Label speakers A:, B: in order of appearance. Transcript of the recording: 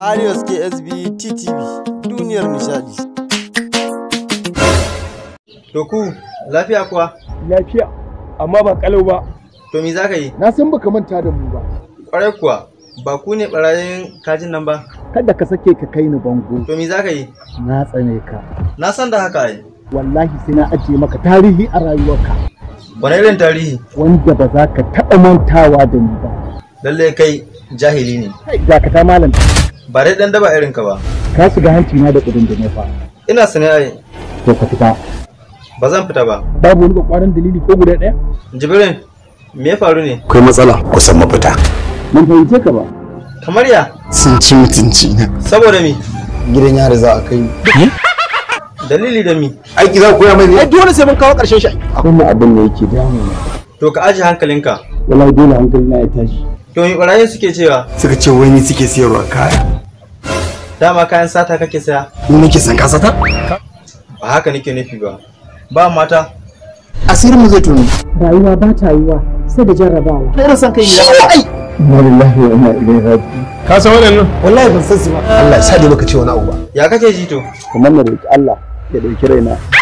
A: Arius KSB TTV duniyar nishadi. To ku lafiya kuwa? Lafiya, amma ba kalau ba. To me za ka yi? Na san baka manta da mu ba. Ƙwarai kuwa, ba ku ne ɓarayin kajin nan ba?
B: Kada ka sake ka kai ni bango. To me za ka yi? Na tsane ka.
A: Na san da haka yi.
B: Wallahi sai na ajiye maka tarihi a rayuwarka.
A: Wani irin tarihi?
B: Wanda ba za ka taɓa mantawa da ni ba.
A: Lallai kai jahili ne. Kai, dakata malam. ba dai dan daba irin ka ba
B: ka shiga hanci na da kudin da ne fa
A: ina sane ai to ka fita ba zan fita ba babu wani kwarin dalili ko guda daya jibrin me ya faru ne
B: akwai matsala ku san mafita
A: mun fahimce ka ba kamar ya
B: sun ci mutunci na
A: saboda me gidan yari za a kai eh? dalili da mi aiki za ku koya mai ai dole sai mun kawo karshen shi
B: akwai mu abin da yake damu
A: to ka aje hankalinka
B: wallahi dole hankalina ya tashi
A: to yi barayin suke cewa
B: suka ce wani suke siyarwa kaya
A: dama kayan sata kake saya
B: ni nake san ka sata
A: ba haka nake nufi ba ba mata
B: asirin mu zai tuni. rayuwa ba ta yiwa sai da
A: jarrabawa da san kai ne ai wallahi wa inna ilaihi raji ka san wannan wallahi ban san su ba Allah ya sa da baka ce wani abu ba ya kake ji to kuma na roki Allah ya dauki raina